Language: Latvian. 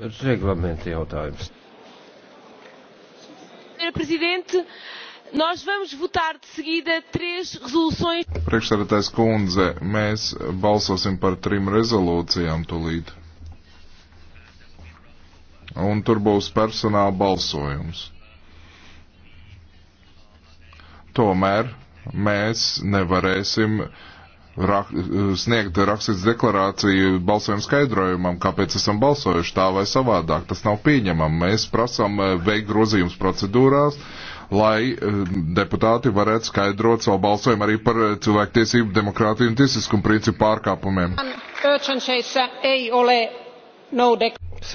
reglamenta jautājums. Priekšsēdētājs kundze, mēs balsosim par trim rezolūcijām tulīt. Un tur būs personāla balsojums. Tomēr mēs nevarēsim uh, rak, sniegt rakstīts deklarāciju balsojumu skaidrojumam, kāpēc esam balsojuši tā vai savādāk. Tas nav pieņemam. Mēs prasam eh, veikt grozījums procedūrās, lai eh, deputāti varētu skaidrot savu balsojumu arī par eh, cilvēktiesību, demokrātiju un tiesiskumu principu pārkāpumiem. Man,